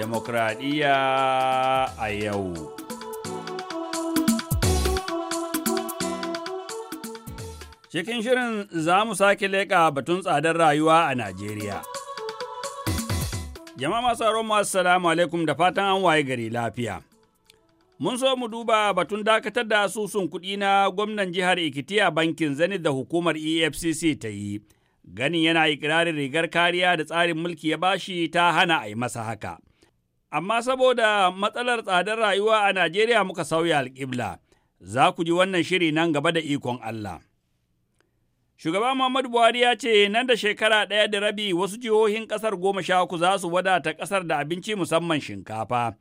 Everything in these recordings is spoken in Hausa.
demokradiyya a yau. Cikin shirin za mu sake leƙa batun tsadar rayuwa a Najeriya. Jama'a masu mu assalamu alaikum da fatan an waye gari lafiya. Mun so mu duba batun dakatar da asusun kuɗi na gwamnan jihar ekiti a bankin Zenith da hukumar EFCC ta yi. ganin yana ikirarin rigar kariya da tsarin mulki ya bashi ta hana a yi masa haka. amma saboda matsalar tsadar rayuwa a Najeriya muka sauya alƙibla, za ku ji wannan shiri nan gaba da ikon Allah. Shugaba Muhammadu Buhari ya ce nan da shekara ɗaya da rabi wasu jihohin ƙasar goma sha uku za su wadata ƙasar da abinci musamman shinkafa.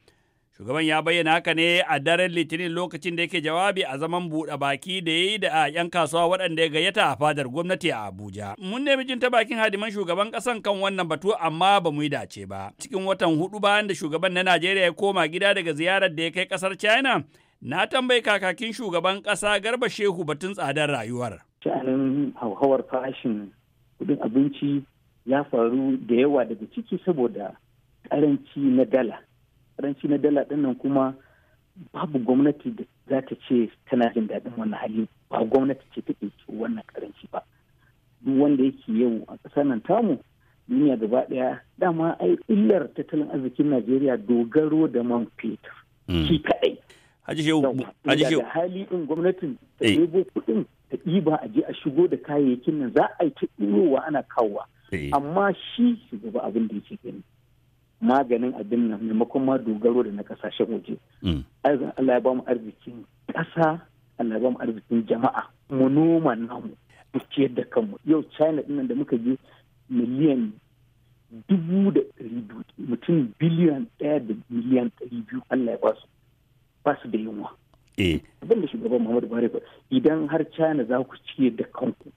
Shugaban ya bayyana haka ne a daren Litinin lokacin da yake jawabi a zaman buɗe baki da ya yi da a 'yan kasuwa waɗanda ya gayyata a fadar gwamnati a Abuja. Mun nemi jin ta bakin hadiman shugaban ƙasan kan wannan batu amma ba mu yi dace ba. Cikin watan hudu bayan da shugaban na Najeriya ya koma gida daga ziyarar da ya kai ƙasar China, na tambayi kakakin shugaban ƙasa Garba Shehu batun tsadar rayuwar. Sha'anin hauhawar farashin kudin abinci ya faru da yawa daga ciki saboda karanci na dala. karanci na dala ɗin nan kuma babu gwamnati da za ta ce tana jin daɗin wannan hali ba gwamnati ce take wannan karanci ba duk wanda yake yau a ƙasar nan tamu duniya gaba ɗaya dama ai illar tattalin arzikin najeriya dogaro da man fetur hmm. shi kaɗai Haji Shehu, hali ɗin gwamnatin ta eh. ɗebo kuɗin ta ɗiba a je a shigo da kayayyakin nan za a yi ta ɗurowa ana kawowa. Eh. Amma shi shugaba abin da yake gani. maganin abin nan maimakon ma dogaro da na kasashen waje. Mm. Allah ya ba mu arzikin ƙasa, Allah ya ba mu arzikin jama'a. Mu noma namu, mu ciyar da kanmu. Yau China ɗin da muka je miliyan dubu da ɗari biyu, mutum biliyan ɗaya da miliyan ɗari biyu Allah ya ba su. da yunwa. Eh. Abin da shugaban Muhammadu Buhari idan har China za ku ciyar da kanku.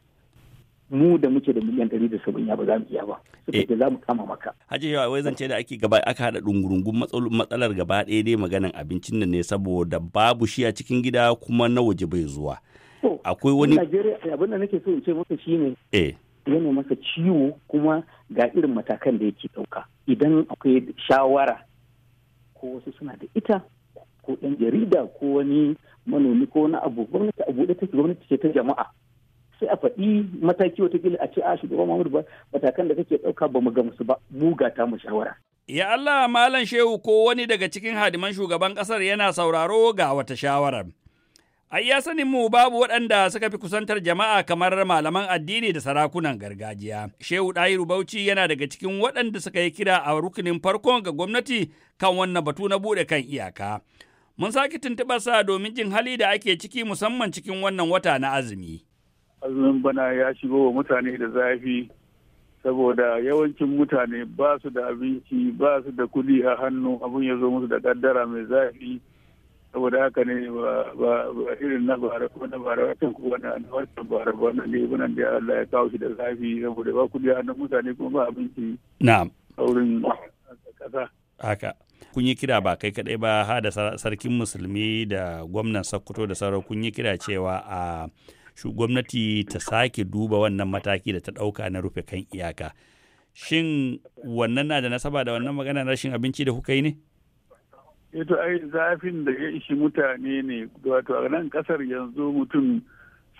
mu da muke da miliyan ɗari da saba'in ya ba za mu iya ba suka eh. za mu kama maka. Haji yawa wai zance da ake gaba aka haɗa ɗungurungun matsalar gaba ɗaya dai maganan abincin da ne saboda babu shi a cikin gida kuma na waje bai zuwa. Akwai wani. Najeriya abin da nake so in ce maka shi ne. Eh. Yana masa ciwo kuma ga irin matakan da yake ɗauka. Idan akwai shawara ko wasu suna da ita ko ɗan jarida ko wani manomi ko wani abu gwamnati take gwamnati ce ta jama'a. sai a faɗi mataki watakila a ce a shugaban Muhammadu ba matakan da kake ɗauka ba mu musu ba mu ga ta mu shawara. Ya Allah Malam Shehu ko wani daga cikin hadiman shugaban ƙasar yana sauraro ga wata shawarar. Ai ya sanin mu babu waɗanda suka fi kusantar jama'a kamar malaman addini da sarakunan gargajiya. Shehu Ɗahiru Bauchi yana daga cikin waɗanda suka yi kira a rukunin farkon ga gwamnati kan wannan batu na buɗe kan iyaka. Mun sake tuntuɓar domin jin hali da ake ciki musamman cikin wannan wata na azumi. azumin bana ya shigo wa mutane da zafi saboda yawancin mutane ba su da abinci ba su da kudi a hannu abin ya zo musu da kaddara mai zafi saboda haka ne ba irin na bara ko na bara wata ko na wata bara ba na nan da Allah ya kawo shi da zafi saboda ba kudi a hannun mutane kuma ba abinci na a wurin kasa haka kun yi kira ba kai kadai ba ha da sarkin musulmi da gwamnan sokoto da sauran kun yi kira cewa a gwamnati ta sake duba wannan mataki da ta ɗauka na rufe kan iyaka shin wannan na da nasaba da wannan magana na rashin abinci da kuka yi ne eto eh ai zafin da ya ishi mutane ne wato a nan kasar yanzu mutum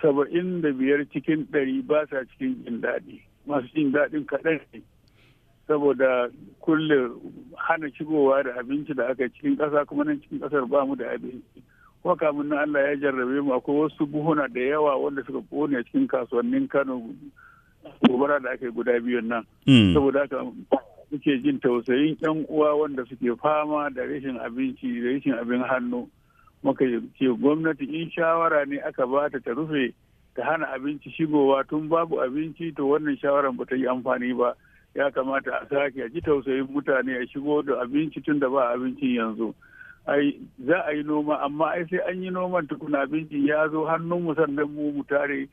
saba'in da biyar cikin ɗari ba sa cikin jin daɗi masu jin daɗin kaɗan ne saboda kulle hana shigowa da abinci da aka cikin ƙasa kuma nan cikin ƙasar ba mu da abinci kuma kamun na Allah ya jarrabe mu akwai wasu buhuna da yawa wanda suka kone cikin kasuwannin Kano gobara da ake guda biyun nan hmm. saboda haka muke jin tausayin yan uwa wanda suke fama da rashin abinci da rashin abin hannu muka ce gwamnati in shawara ne aka bata ta rufe ta hana abinci shigowa tun babu abinci to wannan shawaran ba ta yi amfani ba ya kamata a sake a ji tausayin mutane a shigo da abinci tun da ba abincin yanzu za a yi noma amma ai sai an yi noman tukuna binci ya zo hannun mu sannan mu mu tare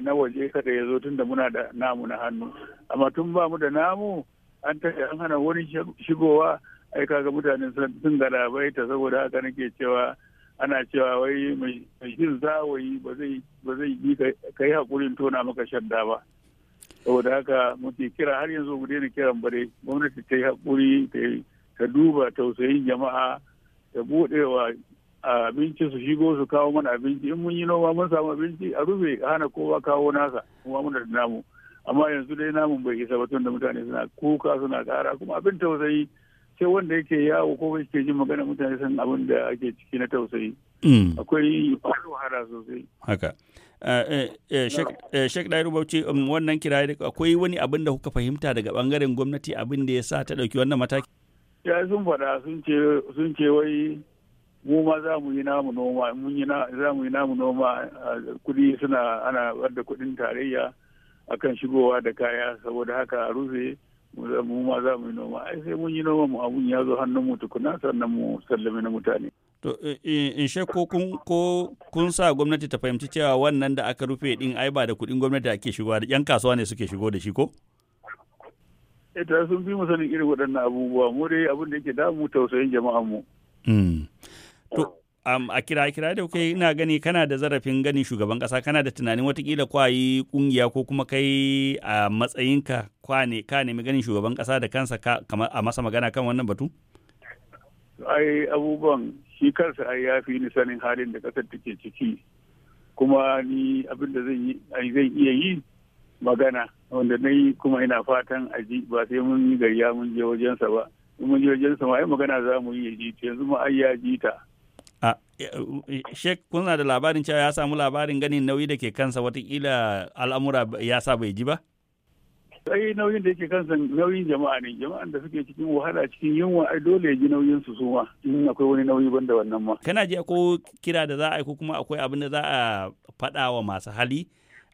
na waje kada ya zo tunda muna da namu na hannu amma tun ba mu da namu an tare an hana wani shigowa ai kaga mutane sun galabai ta saboda haka nake cewa ana cewa wai mai jin zawayi ba zai ba zai yi hakurin tona maka shadda ba saboda haka muke kira har yanzu mu daina kiran bare gwamnati ta yi hakuri ta duba tausayin jama'a da budewa wa abinci su shigo su kawo mana abinci in mun yi noma mun samu abinci a rufe hana kowa kawo nasa kuma muna da namu amma yanzu dai namun bai isa ba da mutane suna kuka suna kara kuma abin tausayi sai wanda yake yawo ko yake jin magana mutane san abin da ake ciki na tausayi mm. akwai hara sosai haka eh, eh, eh, Shek Dairu Bauchi um, wannan kira akwai wani abin da kuka fahimta daga bangaren gwamnati abin da ya sa ta ɗauki wannan mataki ya sun faɗa sun ce wai mu ma za mu yi namu noma mun za mu yi namu noma kudi suna ana wadda kudin tarayya akan shigowa da kaya saboda haka a rufe mu ma za mu yi noma ai sai mun yi noma mu abun ya zo hannun mu tukuna sannan mu sallame na mutane to in she ko kun ko kun sa gwamnati ta fahimci cewa wannan da aka rufe din ai ba da kudin gwamnati ake shigowa yan kasuwa ne suke shigo da shi ko ita eh, sun fi mu sanin irin waɗannan abubuwa mu dai abin da yake damu tausayin jama'an mu hmm. to um, a kira kira da kai ina gani kana da zarafin ganin shugaban kasa kana da tunanin watakila kwayi kungiya ko kuma kai a matsayinka kwane ka nemi ganin shugaban kasa da kansa a masa magana kan wannan batu ai abubuwan shi kansa ai ya fi ni sanin halin da kasar take ciki kuma ni abin da zan iya yi magana wanda na yi kuma ina fatan a ji ba sai mun yi gariya mun je wajensa ba in mun je wajensa ma ai magana za mu yi ya ji yanzu ma ai ya ji ta. a shek kuna da labarin cewa ya samu labarin ganin nauyi da ke kansa watakila al'amura ya sa bai ji ba. sai nauyin da yake kansa nauyin jama'a ne jama'an da suke cikin wahala cikin yunwa ai dole ya ji nauyin su suma in akwai wani nauyi banda wannan ma kana ji ko kira da za a yi ko kuma akwai abin da za a faɗa wa masu hali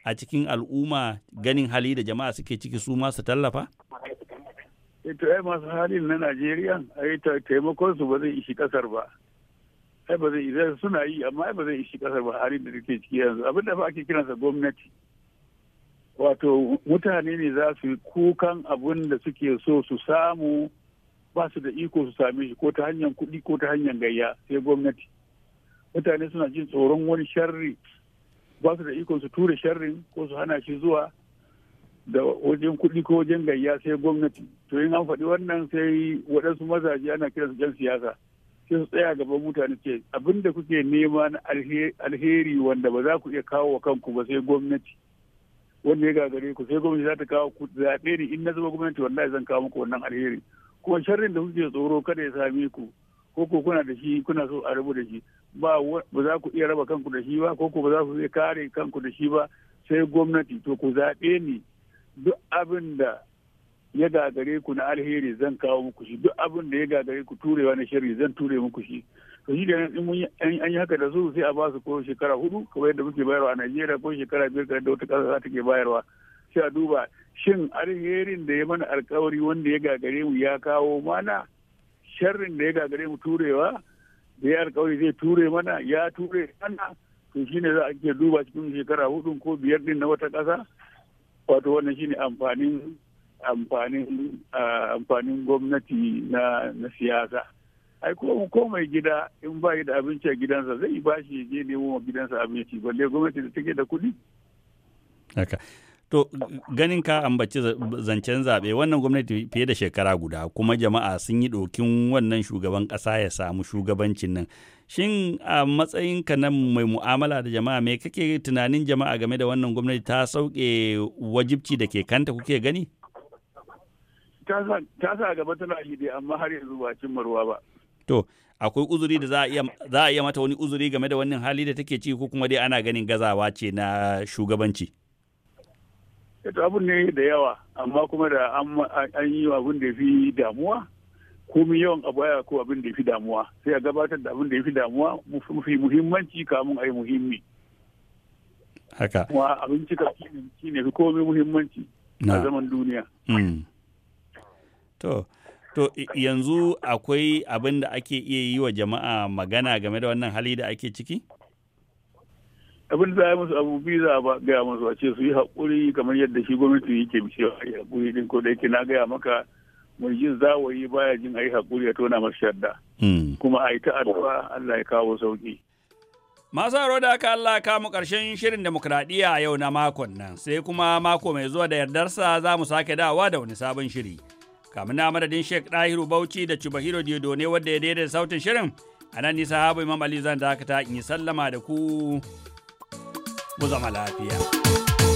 a cikin al'umma ganin hali da jama'a suke ciki su masu tallafa? Ito eh, ai masu halin na Najeriya ai taimakon su ba zai ishi kasar ba. Ai ba zai idan suna yi amma ai ba zai ishi kasar ba halin da take ciki yanzu abin da ba ake kiran sa gwamnati. Wato mutane ne za su kukan abin da suke so su samu ba su da iko su same shi ko ta hanyar kuɗi ko ta hanyar gayya sai gwamnati. Mutane suna jin tsoron wani sharri ba su da ikon su tura sharrin ko su hana shi zuwa da wajen kuɗi ko wajen gayya sai gwamnati to in an faɗi wannan sai waɗansu mazaje ana kiran su jan siyasa sai su tsaya gaban mutane ce abin da kuke nema na alheri wanda ba za ku iya kawo wa kanku ba sai gwamnati wanda ya gagare ku sai gwamnati za ta kawo ku zaɓe ni in na zama gwamnati wallahi zan kawo muku wannan alheri kuma sharrin da kuke tsoro kada ya same ku ko ko kuna da shi kuna so a rabu da shi ba ba za ku iya raba kanku da shi ba ko ko ba za ku iya kare kanku da shi ba sai gwamnati to ku zaɓe ni duk abin da ya gagare ku na alheri zan kawo muku shi duk abin da ya gagare ku turewa na shari zan ture muku shi to shi da an yi haka da su sai a ba su ko shekara hudu kamar yadda muke bayarwa a Najeriya ko shekara biyar kamar da wata ƙasa za ta ke bayarwa sai a duba shin alherin da ya mana alkawari wanda ya gagare mu ya kawo mana sharrin da ya gagare mu turewa da ya alkawari zai ture mana ya ture mana to shine za a ke duba cikin shekara hudu ko biyar din na wata kasa wato wannan shine amfanin amfanin amfanin gwamnati na na siyasa ai ko mai gida in ba da abinci a gidansa zai bashi je nemo gidansa abinci balle gwamnati da take da kuɗi haka To ganin ka ambaci zancen zaɓe wannan gwamnati fiye da shekara guda kuma jama'a sun yi ɗokin wannan shugaban ƙasa ya samu shugabancin nan. Shin a matsayinka nan mai mu'amala da jama'a me kake tunanin jama'a game da wannan gwamnati ta sauke wajibci da ke kanta kuke gani? Ta sa gaba tana yi dai amma har yanzu ba cin ruwa ba. To akwai uzuri da za a iya mata wani uzuri game da wannan hali da take ci ko kuma dai ana ganin gazawa ce na shugabanci. Yato abun ne da yawa amma kuma da an yi abin da ya fi damuwa komi yawan abu ya ko abin da ya fi damuwa sai a gabatar da abin da ya fi damuwa mafi muhimmanci kamun a yi muhimmi. Haka. Kuma abinci cika shi ne fi komi muhimmanci a zaman duniya. Mm. To, to yanzu akwai abin da ake iya yi wa jama'a magana game da wannan hali da ake ciki? abin da za a musu abu biyu za a gaya musu a ce su yi haƙuri kamar yadda shi gwamnati yake cewa a yi haƙuri din ko da yake na gaya maka mun jin zawayi baya jin a yi haƙuri a tona masa shadda hmm. kuma a yi ta addu'a Allah ya kawo sauki Masu haro da aka Allah mu ƙarshen shirin demokradiyya a yau na makon nan sai kuma mako mai zuwa da yardarsa za mu sake dawa da wani sabon shiri. Kamin na madadin Sheikh Dahiru Bauchi da Chubahiro Diodo ne wadda ya daidaita sautin shirin a nan nisa habu Imam Ali zan dakata in yi sallama da ku Vou dar uma olhada, Pia.